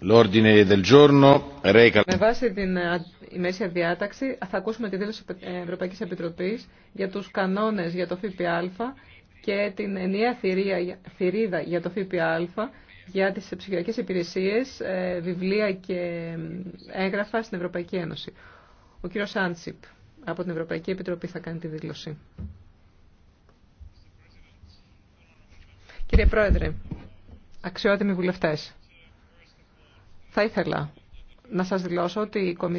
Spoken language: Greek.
Με βάση την ε, ημέρησια διάταξη θα ακούσουμε τη δήλωση ε, Ευρωπαϊκής Επιτροπής για τους κανόνες για το ΦΠΑ και την ενιαία θηρίδα για το ΦΠΑ για τις ψυχιακές υπηρεσίες, ε, βιβλία και έγγραφα στην Ευρωπαϊκή Ένωση. Ο κύριος Άντσιπ από την Ευρωπαϊκή Επιτροπή θα κάνει τη δήλωση. Κύριε Πρόεδρε, αξιότιμοι βουλευτές, θα ήθελα να σας δηλώσω ότι η Κομισιόν